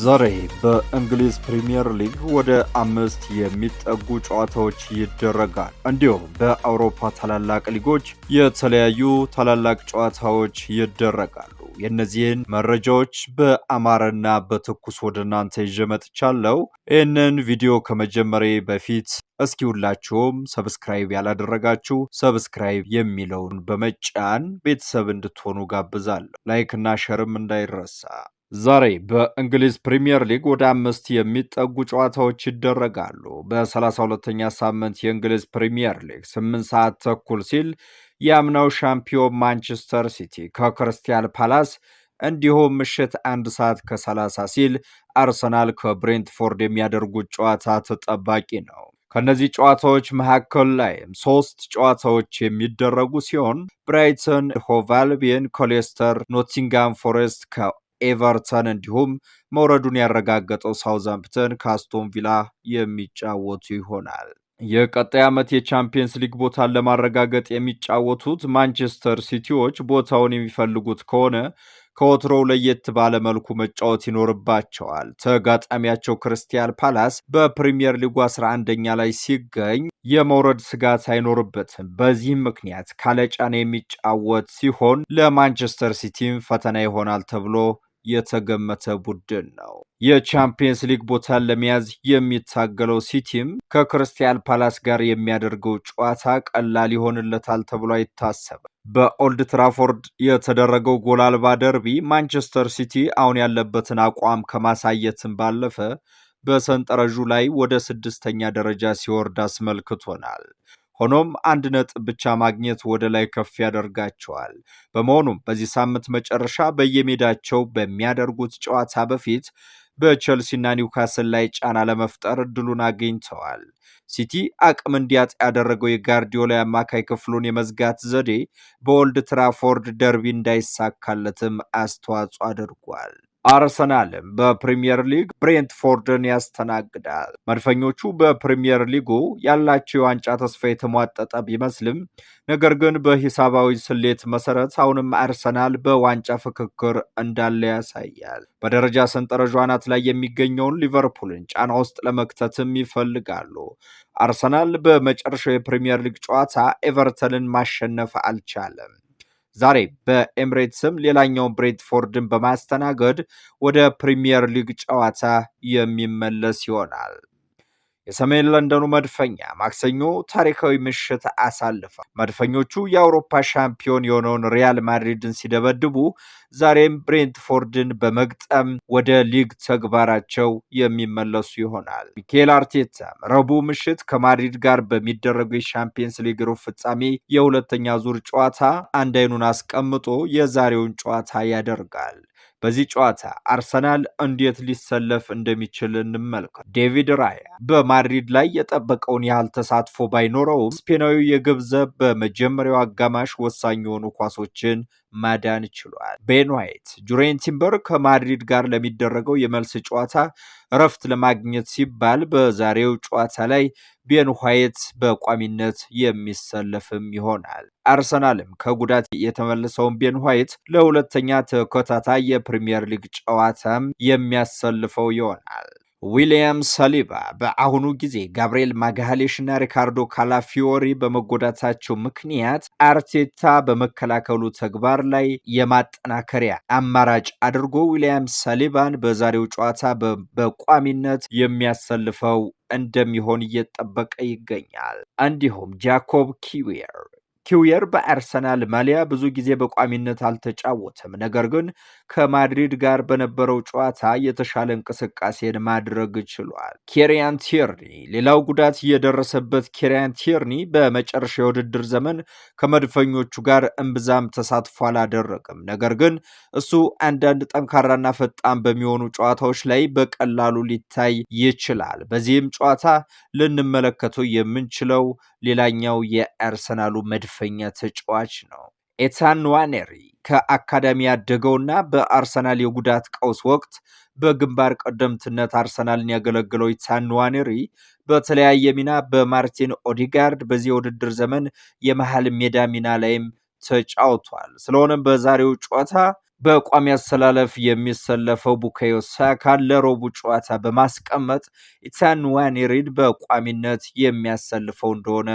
ዛሬ በእንግሊዝ ፕሪምየር ሊግ ወደ አምስት የሚጠጉ ጨዋታዎች ይደረጋል። እንዲሁም በአውሮፓ ታላላቅ ሊጎች የተለያዩ ታላላቅ ጨዋታዎች ይደረጋሉ። የእነዚህን መረጃዎች በአማረና በትኩስ ወደ እናንተ ይዤ መጥቻለሁ። ይህንን ቪዲዮ ከመጀመሬ በፊት እስኪ ሁላችሁም ሰብስክራይብ ያላደረጋችሁ ሰብስክራይብ የሚለውን በመጫን ቤተሰብ እንድትሆኑ ጋብዛለሁ። ላይክና ሸርም እንዳይረሳ ዛሬ በእንግሊዝ ፕሪምየር ሊግ ወደ አምስት የሚጠጉ ጨዋታዎች ይደረጋሉ። በ32ኛ ሳምንት የእንግሊዝ ፕሪምየር ሊግ 8 ሰዓት ተኩል ሲል የአምናው ሻምፒዮን ማንቸስተር ሲቲ ከክርስቲያል ፓላስ እንዲሁም ምሽት አንድ ሰዓት ከ30 ሲል አርሰናል ከብሬንትፎርድ የሚያደርጉት ጨዋታ ተጠባቂ ነው። ከእነዚህ ጨዋታዎች መካከል ላይም ሶስት ጨዋታዎች የሚደረጉ ሲሆን ብራይተን ሆቫልቢየን ኮሌስተር ኖቲንጋም ፎሬስት ከ ኤቨርተን እንዲሁም መውረዱን ያረጋገጠው ሳውዛምፕተን ከአስቶን ቪላ የሚጫወቱ ይሆናል። የቀጣይ ዓመት የቻምፒየንስ ሊግ ቦታን ለማረጋገጥ የሚጫወቱት ማንቸስተር ሲቲዎች ቦታውን የሚፈልጉት ከሆነ ከወትሮው ለየት ባለ መልኩ መጫወት ይኖርባቸዋል። ተጋጣሚያቸው ክርስቲያን ፓላስ በፕሪምየር ሊጉ 11ኛ ላይ ሲገኝ የመውረድ ስጋት አይኖርበትም። በዚህም ምክንያት ካለጫን የሚጫወት ሲሆን ለማንቸስተር ሲቲም ፈተና ይሆናል ተብሎ የተገመተ ቡድን ነው። የቻምፒየንስ ሊግ ቦታን ለመያዝ የሚታገለው ሲቲም ከክርስቲያን ፓላስ ጋር የሚያደርገው ጨዋታ ቀላል ይሆንለታል ተብሎ አይታሰብም። በኦልድ ትራፎርድ የተደረገው ጎል አልባ ደርቢ ማንቸስተር ሲቲ አሁን ያለበትን አቋም ከማሳየትም ባለፈ በሰንጠረዡ ላይ ወደ ስድስተኛ ደረጃ ሲወርድ አስመልክቶናል። ሆኖም አንድ ነጥብ ብቻ ማግኘት ወደ ላይ ከፍ ያደርጋቸዋል። በመሆኑም በዚህ ሳምንት መጨረሻ በየሜዳቸው በሚያደርጉት ጨዋታ በፊት በቸልሲና ኒውካስል ላይ ጫና ለመፍጠር እድሉን አግኝተዋል። ሲቲ አቅም እንዲያጥ ያደረገው የጋርዲዮላ አማካይ ክፍሉን የመዝጋት ዘዴ በኦልድ ትራፎርድ ደርቢ እንዳይሳካለትም አስተዋጽኦ አድርጓል። አርሰናልም በፕሪምየር ሊግ ብሬንትፎርድን ያስተናግዳል። መድፈኞቹ በፕሪምየር ሊጉ ያላቸው የዋንጫ ተስፋ የተሟጠጠ ቢመስልም ነገር ግን በሂሳባዊ ስሌት መሰረት አሁንም አርሰናል በዋንጫ ፍክክር እንዳለ ያሳያል። በደረጃ ሰንጠረዡ አናት ላይ የሚገኘውን ሊቨርፑልን ጫና ውስጥ ለመክተትም ይፈልጋሉ። አርሰናል በመጨረሻው የፕሪምየር ሊግ ጨዋታ ኤቨርተንን ማሸነፍ አልቻለም። ዛሬ በኤምሬትስም ሌላኛው ብሬንትፎርድን በማስተናገድ ወደ ፕሪሚየር ሊግ ጨዋታ የሚመለስ ይሆናል። የሰሜን ለንደኑ መድፈኛ ማክሰኞ ታሪካዊ ምሽት አሳልፈ መድፈኞቹ የአውሮፓ ሻምፒዮን የሆነውን ሪያል ማድሪድን ሲደበድቡ ዛሬም ብሬንትፎርድን በመግጠም ወደ ሊግ ተግባራቸው የሚመለሱ ይሆናል። ሚኬል አርቴታ ረቡዕ ምሽት ከማድሪድ ጋር በሚደረጉ የሻምፒየንስ ሊግ ሩብ ፍጻሜ የሁለተኛ ዙር ጨዋታ አንድ አይኑን አስቀምጦ የዛሬውን ጨዋታ ያደርጋል። በዚህ ጨዋታ አርሰናል እንዴት ሊሰለፍ እንደሚችል እንመልከት። ዴቪድ ራያ በማድሪድ ላይ የጠበቀውን ያህል ተሳትፎ ባይኖረውም ስፔናዊ የግብ በመጀመሪያው አጋማሽ ወሳኝ የሆኑ ኳሶችን ማዳን ችሏል። ቤን ዋይት ጁሬን ቲምበር ከማድሪድ ጋር ለሚደረገው የመልስ ጨዋታ እረፍት ለማግኘት ሲባል በዛሬው ጨዋታ ላይ ቤን ዋይት በቋሚነት የሚሰለፍም ይሆናል። አርሰናልም ከጉዳት የተመለሰውን ቤን ዋይት ለሁለተኛ ተከታታይ የፕሪምየር ሊግ ጨዋታም የሚያሰልፈው ይሆናል። ዊሊያም ሳሊባ በአሁኑ ጊዜ ጋብርኤል ማጋሌሽ እና ሪካርዶ ካላፊዮሪ በመጎዳታቸው ምክንያት አርቴታ በመከላከሉ ተግባር ላይ የማጠናከሪያ አማራጭ አድርጎ ዊሊያም ሳሊባን በዛሬው ጨዋታ በቋሚነት የሚያሰልፈው እንደሚሆን እየጠበቀ ይገኛል። እንዲሁም ጃኮብ ኪዌር ኪውየር በአርሰናል ማሊያ ብዙ ጊዜ በቋሚነት አልተጫወተም። ነገር ግን ከማድሪድ ጋር በነበረው ጨዋታ የተሻለ እንቅስቃሴን ማድረግ ችሏል። ኬሪያን ቲርኒ ሌላው ጉዳት የደረሰበት ኬሪያን ቲርኒ በመጨረሻ የውድድር ዘመን ከመድፈኞቹ ጋር እምብዛም ተሳትፎ አላደረገም። ነገር ግን እሱ አንዳንድ ጠንካራና ፈጣን በሚሆኑ ጨዋታዎች ላይ በቀላሉ ሊታይ ይችላል። በዚህም ጨዋታ ልንመለከተው የምንችለው ሌላኛው የአርሰናሉ መድፍ መድፈኛ ተጫዋች ነው። ኤታን ዋኔሪ ከአካዳሚ ያደገውና በአርሰናል የጉዳት ቀውስ ወቅት በግንባር ቀደምትነት አርሰናልን ያገለግለው ኢታን ዋኔሪ በተለያየ ሚና በማርቲን ኦዲጋርድ በዚህ የውድድር ዘመን የመሀል ሜዳ ሚና ላይም ተጫውቷል። ስለሆነም በዛሬው ጨዋታ በቋሚ አሰላለፍ የሚሰለፈው ቡካዮ ሳካ ለሮቡ ጨዋታ በማስቀመጥ ኢታን ዋኔሪን በቋሚነት የሚያሰልፈው እንደሆነ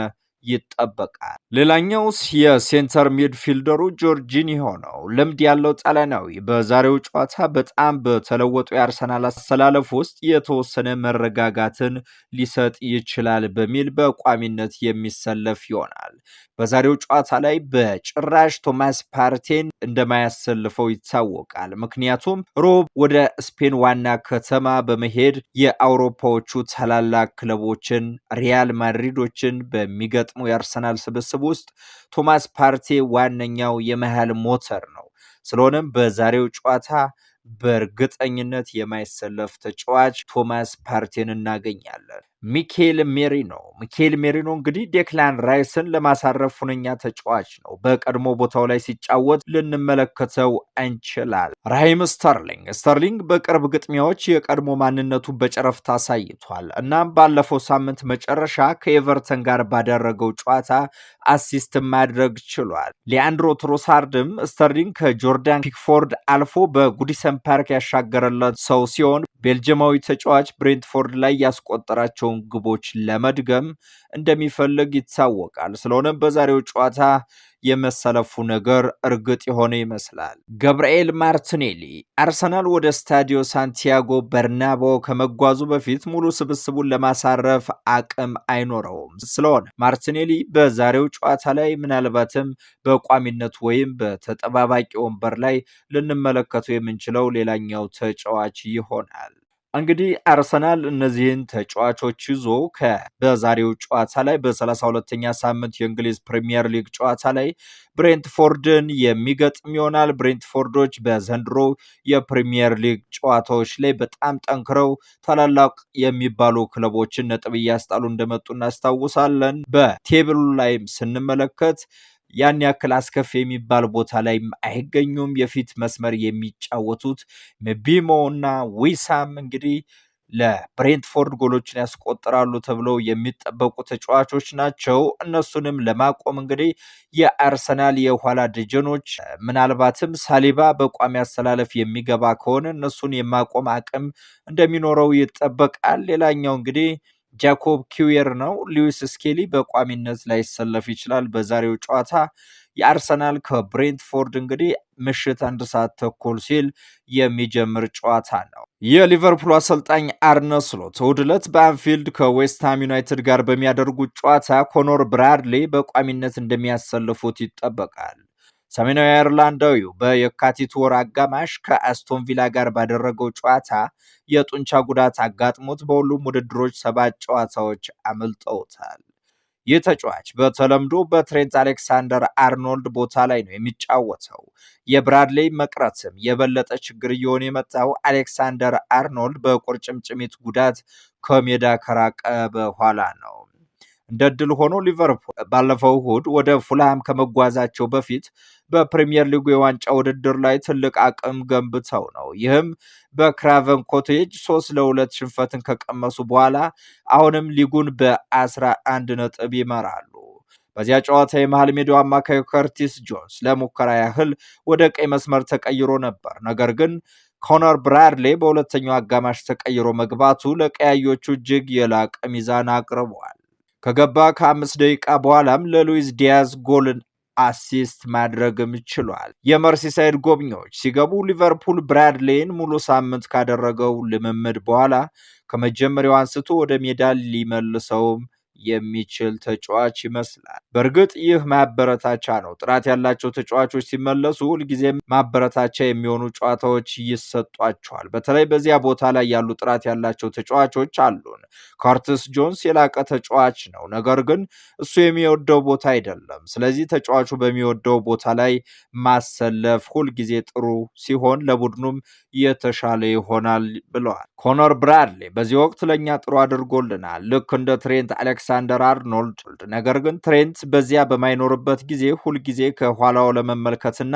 ይጠበቃል። ሌላኛው የሴንተር ሚድፊልደሩ ጆርጂኒሆ ነው። ልምድ ያለው ጣሊያናዊ በዛሬው ጨዋታ በጣም በተለወጡ የአርሰናል አሰላለፍ ውስጥ የተወሰነ መረጋጋትን ሊሰጥ ይችላል በሚል በቋሚነት የሚሰለፍ ይሆናል። በዛሬው ጨዋታ ላይ በጭራሽ ቶማስ ፓርቴን እንደማያሰልፈው ይታወቃል። ምክንያቱም ሮብ ወደ ስፔን ዋና ከተማ በመሄድ የአውሮፓዎቹ ታላላቅ ክለቦችን ሪያል ማድሪዶችን በሚገጥሙ የአርሰናል ስብስብ ውስጥ ቶማስ ፓርቴ ዋነኛው የመሃል ሞተር ነው። ስለሆነም በዛሬው ጨዋታ በእርግጠኝነት የማይሰለፍ ተጫዋች ቶማስ ፓርቴን እናገኛለን። ሚኬል ሜሪኖ ሚኬል ሜሪኖ እንግዲህ ዴክላን ራይስን ለማሳረፍ ሁነኛ ተጫዋች ነው። በቀድሞ ቦታው ላይ ሲጫወት ልንመለከተው እንችላል። ራሂም ስተርሊንግ ስተርሊንግ በቅርብ ግጥሚያዎች የቀድሞ ማንነቱ በጨረፍታ አሳይቷል። እናም ባለፈው ሳምንት መጨረሻ ከኤቨርተን ጋር ባደረገው ጨዋታ አሲስት ማድረግ ችሏል። ሊያንድሮ ትሮሳርድም ስተርሊንግ ከጆርዳን ፒክፎርድ አልፎ በጉዲሰን ፓርክ ያሻገረለት ሰው ሲሆን ቤልጅማዊ ተጫዋች ብሬንትፎርድ ላይ ያስቆጠራቸው ያላቸውን ግቦች ለመድገም እንደሚፈልግ ይታወቃል። ስለሆነም በዛሬው ጨዋታ የመሰለፉ ነገር እርግጥ የሆነ ይመስላል። ገብርኤል ማርቲኔሊ አርሰናል ወደ ስታዲዮ ሳንቲያጎ በርናቦ ከመጓዙ በፊት ሙሉ ስብስቡን ለማሳረፍ አቅም አይኖረውም። ስለሆነ ማርቲኔሊ በዛሬው ጨዋታ ላይ ምናልባትም በቋሚነት ወይም በተጠባባቂ ወንበር ላይ ልንመለከተው የምንችለው ሌላኛው ተጫዋች ይሆናል። እንግዲህ አርሰናል እነዚህን ተጫዋቾች ይዞ በዛሬው ጨዋታ ላይ በሰላሳ ሁለተኛ ሳምንት የእንግሊዝ ፕሪሚየር ሊግ ጨዋታ ላይ ብሬንትፎርድን የሚገጥም ይሆናል። ብሬንትፎርዶች በዘንድሮ የፕሪሚየር ሊግ ጨዋታዎች ላይ በጣም ጠንክረው ታላላቅ የሚባሉ ክለቦችን ነጥብ እያስጣሉ እንደመጡ እናስታውሳለን። በቴብሉ ላይም ስንመለከት ያን ያክል አስከፊ የሚባል ቦታ ላይ አይገኙም። የፊት መስመር የሚጫወቱት ምቢሞ እና ዊሳም እንግዲህ ለብሬንትፎርድ ጎሎችን ያስቆጥራሉ ተብለው የሚጠበቁ ተጫዋቾች ናቸው። እነሱንም ለማቆም እንግዲህ የአርሰናል የኋላ ደጀኖች ምናልባትም ሳሊባ በቋሚ አሰላለፍ የሚገባ ከሆነ እነሱን የማቆም አቅም እንደሚኖረው ይጠበቃል። ሌላኛው እንግዲህ ጃኮብ ኪዌር ነው። ሉዊስ ስኬሊ በቋሚነት ላይሰለፍ ይችላል። በዛሬው ጨዋታ የአርሰናል ከብሬንትፎርድ እንግዲህ ምሽት አንድ ሰዓት ተኩል ሲል የሚጀምር ጨዋታ ነው። የሊቨርፑል አሰልጣኝ አርነ ስሎት እሁድ ዕለት በአንፊልድ ከዌስትሃም ዩናይትድ ጋር በሚያደርጉት ጨዋታ ኮኖር ብራድሌ በቋሚነት እንደሚያሰልፉት ይጠበቃል። ሰሜናዊ አየርላንዳዊው በየካቲት ወር አጋማሽ ከአስቶን ቪላ ጋር ባደረገው ጨዋታ የጡንቻ ጉዳት አጋጥሞት በሁሉም ውድድሮች ሰባት ጨዋታዎች አምልጠውታል። ይህ ተጫዋች በተለምዶ በትሬንት አሌክሳንደር አርኖልድ ቦታ ላይ ነው የሚጫወተው። የብራድሌ መቅረትም የበለጠ ችግር እየሆነ የመጣው አሌክሳንደር አርኖልድ በቁርጭምጭሚት ጉዳት ከሜዳ ከራቀ በኋላ ነው። እንደ ድል ሆኖ ሊቨርፑል ባለፈው እሁድ ወደ ፉልሃም ከመጓዛቸው በፊት በፕሪምየር ሊጉ የዋንጫ ውድድር ላይ ትልቅ አቅም ገንብተው ነው። ይህም በክራቨን ኮቴጅ ሶስት ለሁለት ሽንፈትን ከቀመሱ በኋላ አሁንም ሊጉን በአስራ አንድ ነጥብ ይመራሉ። በዚያ ጨዋታ የመሃል ሜዳው አማካዩ ከርቲስ ጆንስ ለሙከራ ያህል ወደ ቀይ መስመር ተቀይሮ ነበር። ነገር ግን ኮነር ብራድሌ በሁለተኛው አጋማሽ ተቀይሮ መግባቱ ለቀያዮቹ እጅግ የላቀ ሚዛን አቅርቧል። ከገባ ከአምስት ደቂቃ በኋላም ለሉዊስ ዲያዝ ጎልን አሲስት ማድረግም ችሏል። የመርሲሳይድ ጎብኚዎች ሲገቡ ሊቨርፑል ብራድሌይን ሙሉ ሳምንት ካደረገው ልምምድ በኋላ ከመጀመሪያው አንስቶ ወደ ሜዳ ሊመልሰውም የሚችል ተጫዋች ይመስላል። በእርግጥ ይህ ማበረታቻ ነው። ጥራት ያላቸው ተጫዋቾች ሲመለሱ ሁልጊዜም ማበረታቻ የሚሆኑ ጨዋታዎች ይሰጧቸዋል። በተለይ በዚያ ቦታ ላይ ያሉ ጥራት ያላቸው ተጫዋቾች አሉን። ካርትስ ጆንስ የላቀ ተጫዋች ነው፣ ነገር ግን እሱ የሚወደው ቦታ አይደለም። ስለዚህ ተጫዋቹ በሚወደው ቦታ ላይ ማሰለፍ ሁልጊዜ ጥሩ ሲሆን ለቡድኑም የተሻለ ይሆናል ብለዋል። ኮኖር ብራድሌ በዚህ ወቅት ለእኛ ጥሩ አድርጎልናል። ልክ እንደ ትሬንት አሌክስ አሌክሳንደር አርኖልድ። ነገር ግን ትሬንት በዚያ በማይኖርበት ጊዜ ሁልጊዜ ከኋላው ለመመልከትና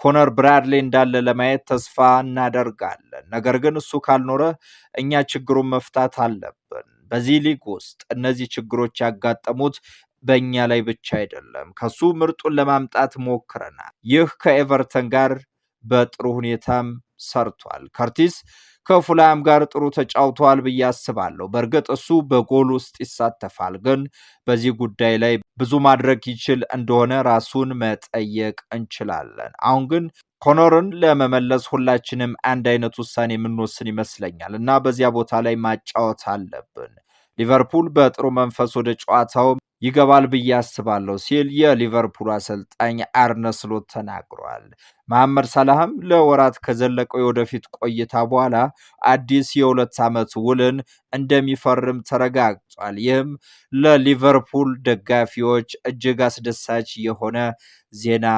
ኮነር ብራድሌ እንዳለ ለማየት ተስፋ እናደርጋለን። ነገር ግን እሱ ካልኖረ እኛ ችግሩን መፍታት አለብን። በዚህ ሊግ ውስጥ እነዚህ ችግሮች ያጋጠሙት በእኛ ላይ ብቻ አይደለም። ከሱ ምርጡን ለማምጣት ሞክረናል። ይህ ከኤቨርተን ጋር በጥሩ ሁኔታም ሰርቷል። ከርቲስ ከፉላም ጋር ጥሩ ተጫውተዋል ብዬ አስባለሁ። በእርግጥ እሱ በጎል ውስጥ ይሳተፋል፣ ግን በዚህ ጉዳይ ላይ ብዙ ማድረግ ይችል እንደሆነ ራሱን መጠየቅ እንችላለን። አሁን ግን ኮኖርን ለመመለስ ሁላችንም አንድ አይነት ውሳኔ የምንወስን ይመስለኛል እና በዚያ ቦታ ላይ ማጫወት አለብን። ሊቨርፑል በጥሩ መንፈስ ወደ ጨዋታው ይገባል ብዬ አስባለሁ ሲል የሊቨርፑል አሰልጣኝ አርነ ስሎት ተናግሯል። መሐመድ ሳላህም ለወራት ከዘለቀው የወደፊት ቆይታ በኋላ አዲስ የሁለት ዓመት ውልን እንደሚፈርም ተረጋግጧል። ይህም ለሊቨርፑል ደጋፊዎች እጅግ አስደሳች የሆነ ዜና